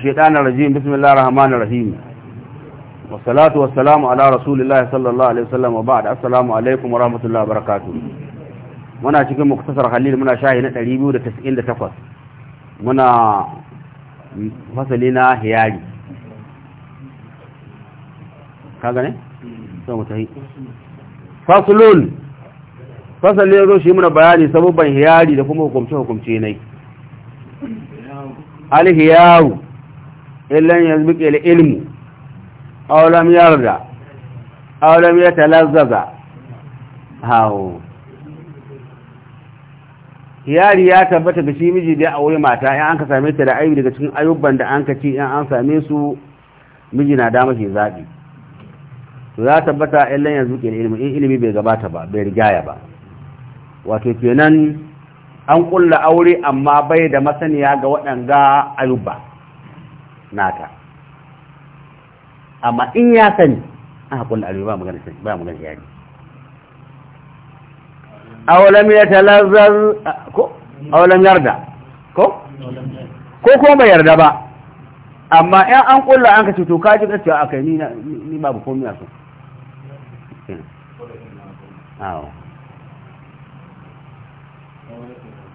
الشيطان الرجيم بسم الله الرحمن الرحيم والصلاة والسلام على رسول الله صلى الله عليه وسلم وبعد السلام عليكم ورحمة الله وبركاته منا شكرا cikin muktasar halil muna shahi na 298 muna fasali na hiyari ka سوما تهي فصلون fasal ne zo shi muna bayani sababban hiyari da kuma hukumce hukumce ne alhiyaru illan yazbiq il ilmu aw lam yarda aw lam yatalazzaza hawo yari ya tabbata da shi miji da aure mata in an ka same ta da aibi daga cikin ayyuban da an ka ci in an same su miji na da mashi zabi to ya tabbata illan yazbiq il ilmu in ilimi bai gabata ba bai rigaya ba wato kenan an kulla aure amma bai da masaniya ga waɗanga ayyuba nata amma in ya sani an haƙun alwi ba magana sani ba magana yari awalam ya talazzar ko awalam yarda ko ko ko bai yarda ba amma in an kulla an ka ce to ji gaskiya a kai ni ni babu komai a so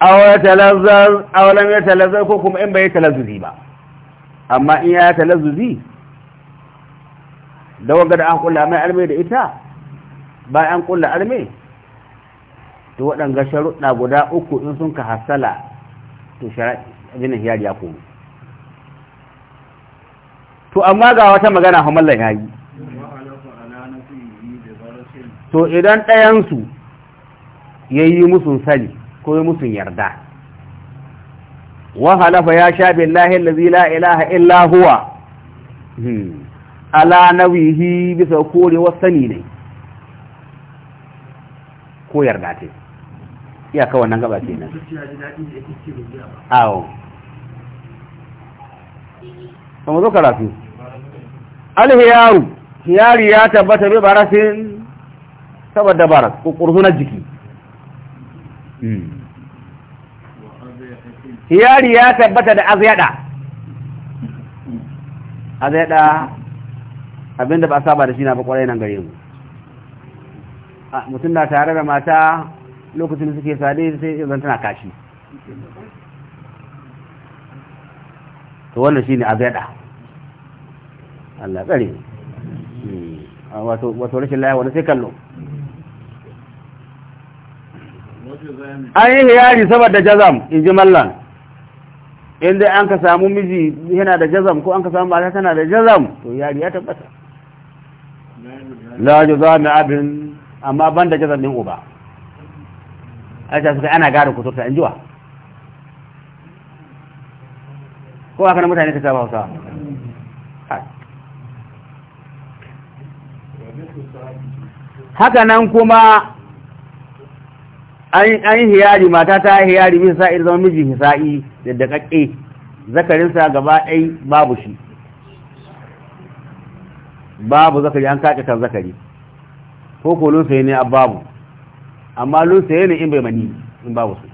aw ya talazzar ya talazzar ko kuma in bai talazzuzi ba amma in ya lazuzi da wanga da an kulla mai arme da ita an kulla arme to waɗanga sharuɗa guda uku in sun ka hasala to shari'in hiyar ya komo to amma ga wata magana hamallan ya yi to idan ɗayansu ya yi musun sani ko ya musun yarda وهلف halafa ya الله الذي لا la ilaha هو على ala nawihi والسنين sani ko yarda ta iyaka wannan gaba ke awo kuma zo karatu alhiyaru hiyari ya tabbata bi barasin saboda baras ko jiki hiyari ya tabbata da azyada azyada abinda ba saba da shi na ba kwarai nan gare mu mutum na tare da mata lokacin suke sade sai zan tana kashi to wannan shine azyada Allah tsare hmm. wato wato rashin laya wani sai kallo an yi hiyari saboda jazam in ji mallan in dai an ka samu miji yana da jazam ko an ka samu mata tana da jazam to yari ya tabbata la jazami abin amma ban da jazam din uba aisha suka ana gane kuturta in jiwa ko aka mutane ka saba hausa haka nan kuma an yi hiyari mata ta yi hiyari bin sa'i zama miji hisa'i da dakakke zakarinsa gaba ɗai babu shi babu zakari an kaɗe kan zakari ko ko lunsa ne a babu amma lunsa ne in bai mani in babu su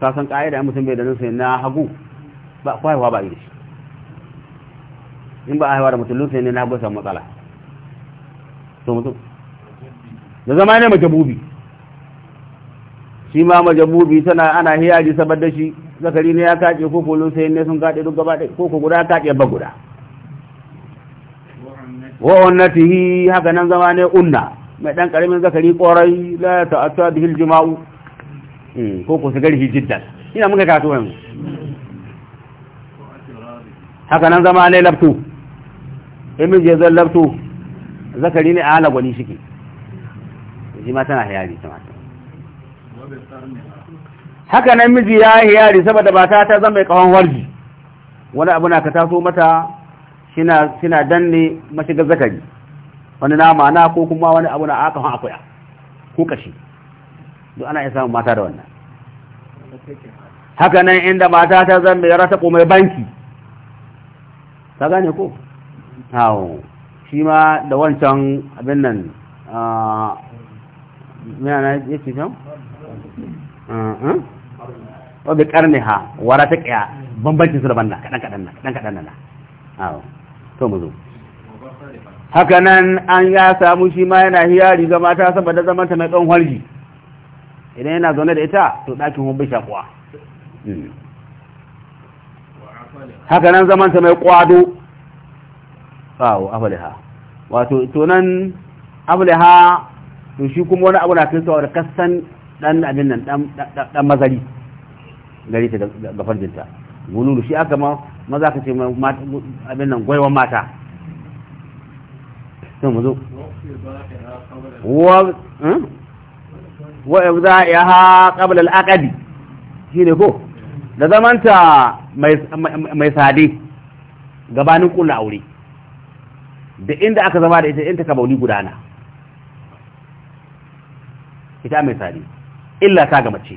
ka san ƙa'ida mutum bai da lunsa na hagu ba kwaiwa ba iri in ba a haihuwa da mutum lunsa ne na hagu samu matsala to mutum da zama ne bubi? shi ma majabubi tana ana hiyaji sabar da shi zakari ne ya kace ko kolon sai ne sun kace duk gaba ko ko guda kace ba guda wa unnatihi haka nan zama ne unna mai dan karamin zakari korai la ta'atta bihil aljima'u hmm, ko ko sigari jiddan ina muka kato yanzu haka nan zama ne labtu imin je labtu zakari ne ala gwani shike shi ma tana hayari sama haka nan miji ya yi yari saboda ba ta ta zama kawon warji wani abu na ka taso mata shina danne mashigar zakari wani nama na ko kuma wani abu na a hon akuya ko kashi don ana iya samun mata da wannan haka nan inda mata ta zama ya rasa mai banki ta gane ko hau shi ma da wancan abin nan a ah, yana ya ce shan wa eh? oh, bi wara ta kya bambancin su daban na kadan kadan na kadan kadan na awo to mu zo haka nan an ya samu shi ma yana hiyari ga mata saboda zaman ta mai dan harji idan yana zaune da ita to dakin hun bai shakuwa hmm. haka nan zaman ta mai kwado awo afaliha wato to nan afaliha to shi kuma wani abu na wa da kasan dan abin nan dan mazari gari ta ga farjinta gululu shi aka ma maza ka ce abin nan gwaiwan mata sun mu zo wa za ya ha qabla al-aqdi shine ko da zamanta mai sade gabanin kula aure da inda aka zama da ita in ta kabauli gudana ita mai sade illa ta ga mace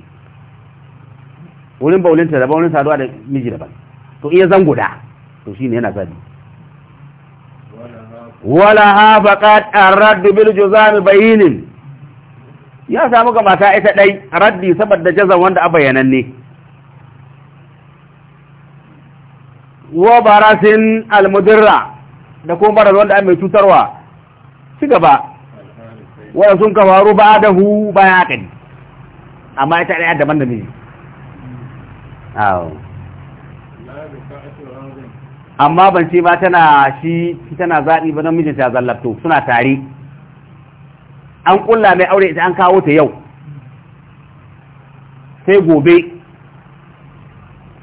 wurin baulinta da wurin saduwa da miji daban to iya zan guda to shine yana zabi wala ha faqat arad bil juzam bayin ya samu ga mata ita dai raddi saboda jazan wanda a ne. wa barasin al-mudirra da kuma barar wanda mai cutarwa ci gaba wa sun kafaru ba da hu baya kadi amma ita ɗaya daban da miji amma ban ce ba tana shi tana zaɓi ba don mijinta zallabto suna tare an ƙulla mai aure ita an kawo ta yau sai gobe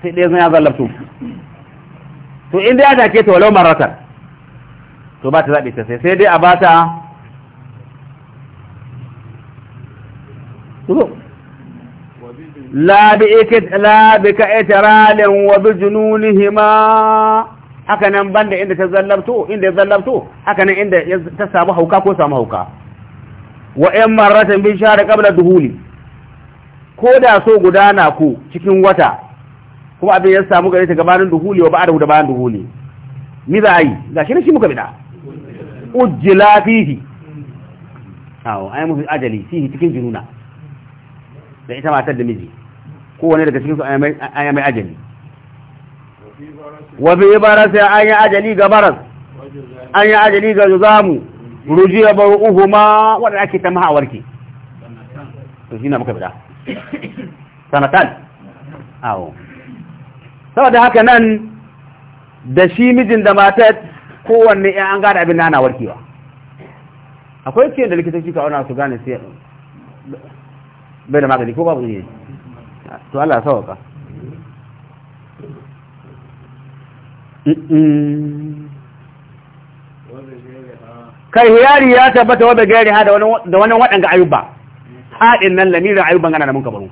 sai ɗaya zan ya zallabto to inda ya take ta walau maratar to ba ta zaɓe ta sai sai dai a ba ta la bi itiralin wa bi jununihima haka nan banda inda ta zallabto inda ya zallabto haka nan inda ta samu hauka ko samu hauka wa ƴan marratan bin shahar qabla duhuli ko da so gudana ku cikin wata kuma abin ya samu gare ta gabanin duhuli wa ba'da da bayan duhuli ni za a yi shi ne shi muka bida ujjila fihi a yi mafi ajali fihi cikin jununa da ita matar da miji kowane daga cikinsu an yi mai ajali wa bi sai ya an yi ajali ga baras an yi ajali ga zamu rujiya uhuma wadda ake ta mahawarki to shi na muka bida sanatan awo saboda haka nan da shi mijin da matar kowanne ya an gada abin na warkewa akwai ke da likitoci ka na su gane sai bai da magani ko babu ne to Allah sauka kai hiyari ya tabbata wa bagari ha da wani waɗanga ayuba haɗin nan lamirin ayuban gana da mun kabaru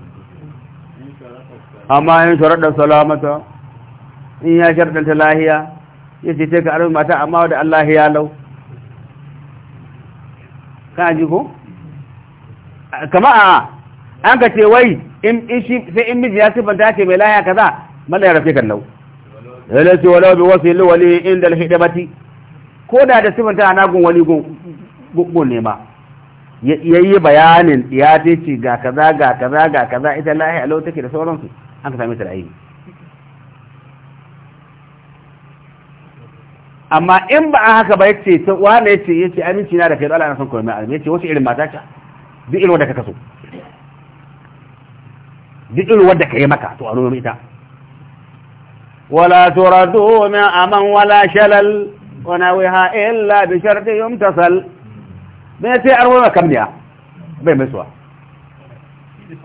amma yin da salamata in ya ta lahiya ya ce ce ka arzu mata amma da Allah ya lau kan ji ko? kama a an ka ce wai in ishi sai in miji ya sifanta ce mai laya kaza mala ya rafe kan nau yana ce wala bi wasu yi wali inda dabati ko da da sifanta ana gun wani ne nema ya yi bayanin ya ce ci ga kaza ga kaza ga kaza ita lahi a take da sauransu an ka sami tarayyi amma in ba a haka ba ya ce wane ya ce aminci na da kai Allah na son komai ya ce wasu irin mata ce duk irin wanda ka kaso ديول ودك يا مكه تو انو ميتا ولا تردوا ما امن ولا شلل ونويها الا بشرط يمتصل ما تعرف ما كم يا بين مسوا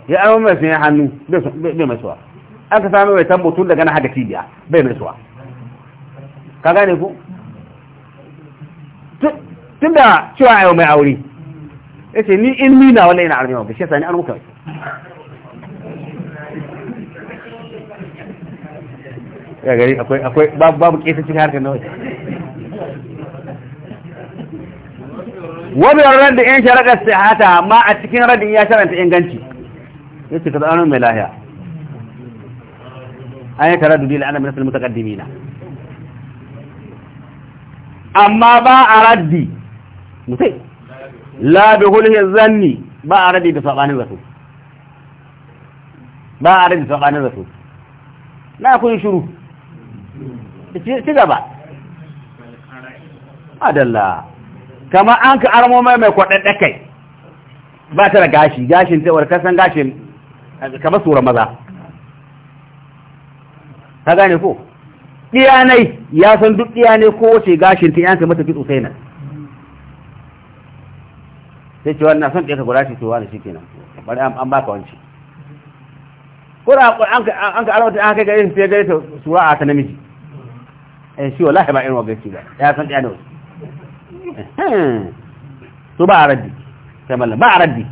يا ام مسني حنو بين مسوا اك فاهمه تبو تول دغنا حاجه تيديا بين مسوا كغاني فو تبدا شو عايو ما اوري اسي ني ان مينا ولا ينعرف يوم بشي ثاني انا مو كويس ya gari akwai akwai babu kesa cikin harkar nawa wani ran da in sai hata amma a cikin radin ya sharanta inganci yace ka zanen mai lahiya an yi tara da dila ana minasar mutakaddimina amma ba a raddi mutai labi hulhin zanni ba a raddi da saɓanin zato ba a raddi da saɓanin zato na kun shuru ci gaba adalla kama an ka armo mai mai kwaɗaɗɗe kai ba ta da gashi gashin tsawar kasan gashin kama tsoron maza ta gane ko ɗiyanai ya san duk ɗiyanai kowace gashin ta yanka mata kitso sai nan sai ce wannan son ɗaya gura shi cewa da shi kenan bari an baka wanci ko da an ka armo ta an kai gare su sai gare ta sura a ta namiji eh shi wallahi ba irin wa gaci ba ya san tsaya da wasu to ba a raddi sai mallam ba a raddi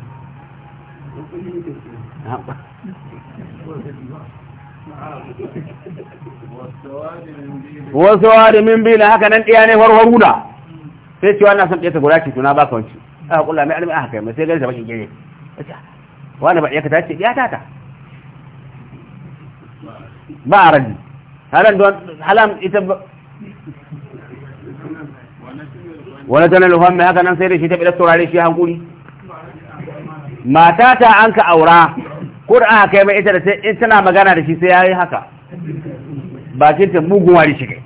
wasu wari min biyu na haka nan ɗiya ne warwaru na sai cewa na son ɗaya ta guda ce tuna ba ka wanci aka kula mai alimi aka kai mai sai gani da bakin gere wani ba ɗaya ka tace ɗiya tata ba a raddi halan ita wani tana lufan mai haka nan sai da shi ta da turare shi hankuri mata ta an ka aura ko da aka kai mai ita da sai in tana magana da shi sai ya yi haka bakin ta muguwa da shi kai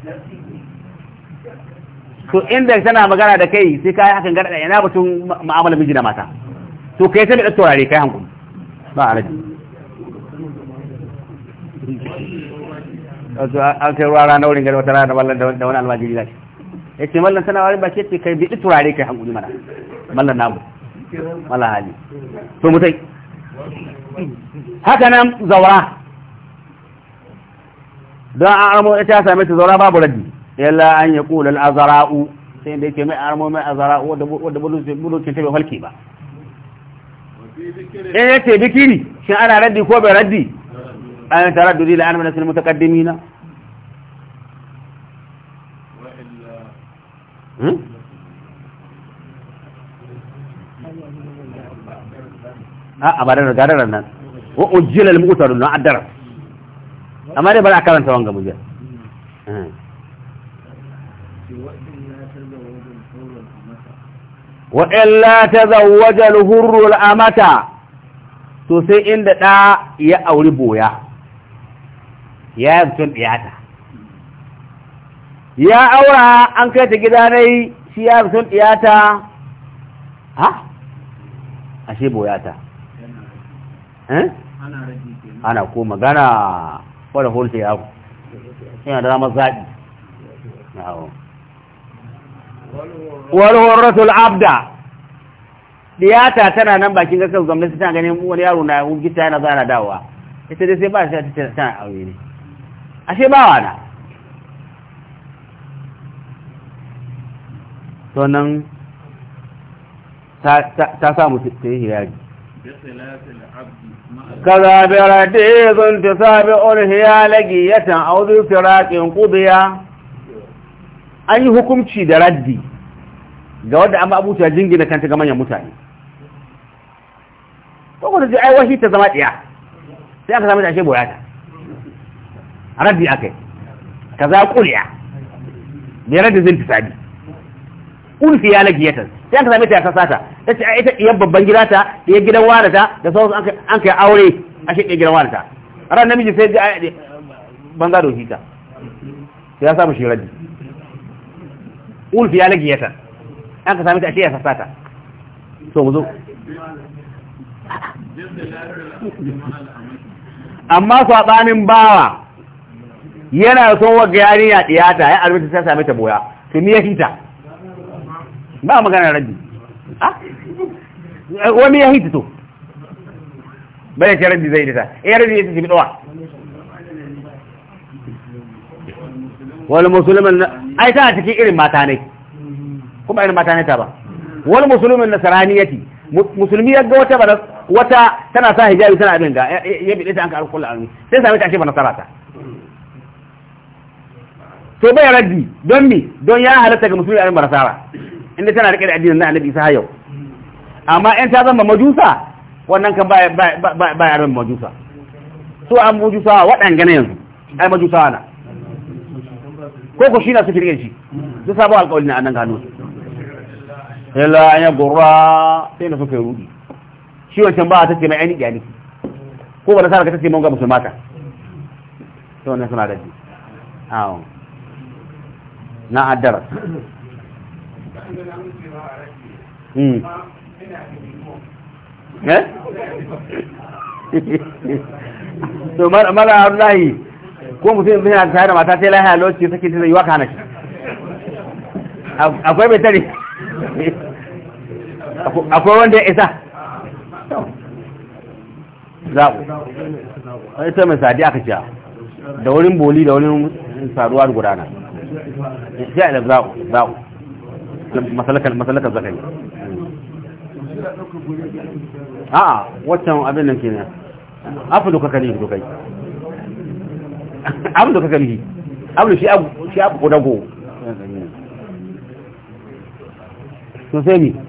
to inda tana magana da kai sai ka yi hakan garɗa yana batun ma'amala miji da mata to kai ta da turare kai hankuri ba a rajin wasu an kai ruwa rana wurin gari wata rana wallan da wani almajiri zai ya ce mallan tana wari baki ce kai biɗi turare kai hankuli mana mallan namu mallan hali to mutai haka nan zaura don an armo ita same ta zaura babu raddi yalla an ya kula al'azara'u sai da yake mai armo mai azara'u wadda buducin ta bai falke ba in yace bikiri shin ana raddi ko bai raddi an taraddudi la an min al-mutaqaddimina Hmm? a ba da gadarar nan wa ujjilal mu'taru na addara amma dai ba za karanta wanga mujal hmm. wa illa tazawwaja al-hurru al-amata to sai inda da ya auri boya ya yi tun ɗiyata ya aura an kai ta gida nai shi ya sun ɗiyata ha ashe boyata eh? ana ko magana wala holta ya ku yana da ramar walwar ratul abda ɗiyata tana nan bakin gasar gwamnati tana ganin wani yaro na gita yana zana dawa ita dai sai ba shi ta tana aure ne ashe ba wa na to nan ta samu ta yi hiyari kaza bi radizun tisabi lagi lagiyatan aw bi firakin kubiya an yi hukumci da raddi ga wanda amma abuta jingina kanta ga manyan mutane ko ko ji ai wahi ta zama ɗiya, sai aka samu ta ashe boyata raddi akai kaza raddi zai fi sabi ulfi ya lagiyatan sai an ka same ta ya sasata ta ce ita iya babban gida ta diyar gidan wani ta da sauransu an kai aure a shi gidan wani ta ran namiji sai ga ban za shi ta sai ya samu shi raji ulfi ya lagiyatan an ka same ta a shi ya sasata so mu zo amma saɓanin bawa yana son gari ya ɗiyata ya arbita ta same ta boya ni ya fita ba magana ah wani ya hito to bai ce raddi zai dita ya eh, raddi ya tafi dawa wani musulmin ai ta cikin irin mata ne kuma irin mata ne ta ba wani musulmin nasaraniyati musulmi ya ga wata ba wata tana sa hijabi tana abin ga ya bi ta an karu kullu almi sai sami ta ce ba nasara ta to bai raddi don mi don ya halatta ga musulmi a ba marasara inda tana rike da addinin na annabi isa yau amma in ta zama majusa wannan kan ba baya ran majusa so an majusa waɗanga ne yanzu ai majusa na ko ko shi na su firge shi su sabo alƙawari na annan gano illa an ya gura sai na suka rudi shi wancan ba ta ce mai ainihi iyali ko ba da sarka ta ce mun ga musulmata to wannan suna da shi Na addara. Hmm. Eh? to mara abdullahi ko mutum yana tare da mata sai lahiya lokaci sake ta yi waka hana akwai mai tare akwai wanda ya isa zaɓu ita mai sadi aka ciya da wurin boli da wurin saruwar gudana sai a zaɓu zaɓu masalakar masalakar zakai a'a waccan abin nan kenan afu duka kalihi dukai abin duka kalihi abu shi abu shi abu kodago to sai ni